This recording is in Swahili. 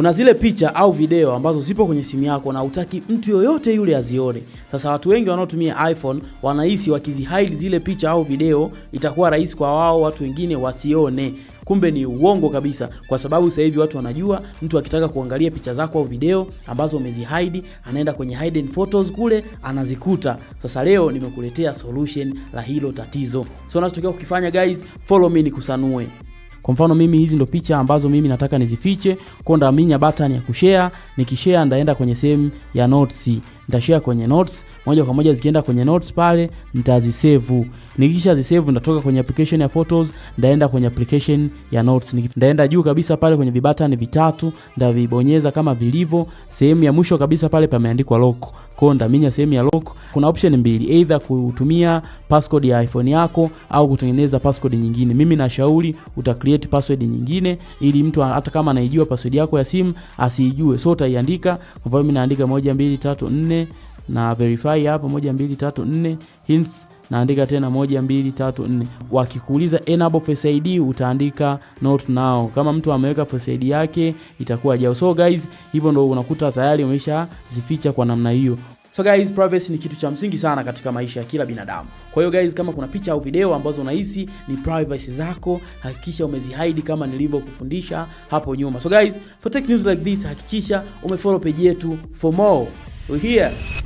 Kuna zile picha au video ambazo zipo kwenye simu yako na hutaki mtu yoyote yule azione. Sasa watu wengi wanaotumia iPhone wanahisi wakizihide zile picha au video itakuwa rahisi kwa wao watu wengine wasione. Kumbe ni uongo kabisa, kwa sababu sasa hivi watu wanajua, mtu akitaka kuangalia picha zako au video ambazo umezihide, anaenda kwenye hidden photos kule anazikuta. Sasa leo nimekuletea solution la hilo tatizo. So unachotakiwa kukifanya guys, follow me nikusanue. Kwa mfano mimi hizi ndo picha ambazo mimi nataka nizifiche, kwa ndaminya button ya kushare. Nikishare ndaenda kwenye sehemu ya notes, nitashare kwenye notes moja kwa moja. Zikienda kwenye notes pale nitazisave, nikisha zisave ndatoka kwenye application ya photos, ndaenda kwenye application ya notes, ndaenda juu kabisa pale kwenye vibatani vitatu, ndavibonyeza kama vilivyo. Sehemu ya mwisho kabisa pale pameandikwa lock kwao ndaminya sehemu ya lock, kuna option mbili, either kutumia password ya iPhone yako au kutengeneza password nyingine. Mimi nashauri uta create password nyingine, ili mtu hata kama anaijua password yako ya simu asiijue. So utaiandika, kwa mfano mimi naandika 1 2 3 na verify hapo 1 2 3 4 hints naandika tena moja mbili tatu nne. Wakikuuliza enable Face ID utaandika not now. Kama mtu ameweka Face ID yake itakuwa jao. So guys, hivyo ndo unakuta tayari umesha zificha kwa namna hiyo. So guys, privacy ni kitu cha msingi sana katika maisha ya kila binadamu. Kwa hiyo guys, kama kuna picha au video ambazo unahisi ni privacy zako, hakikisha umezihide kama nilivyokufundisha hapo nyuma. So guys, for tech news like this, hakikisha umefollow page yetu for more. We here.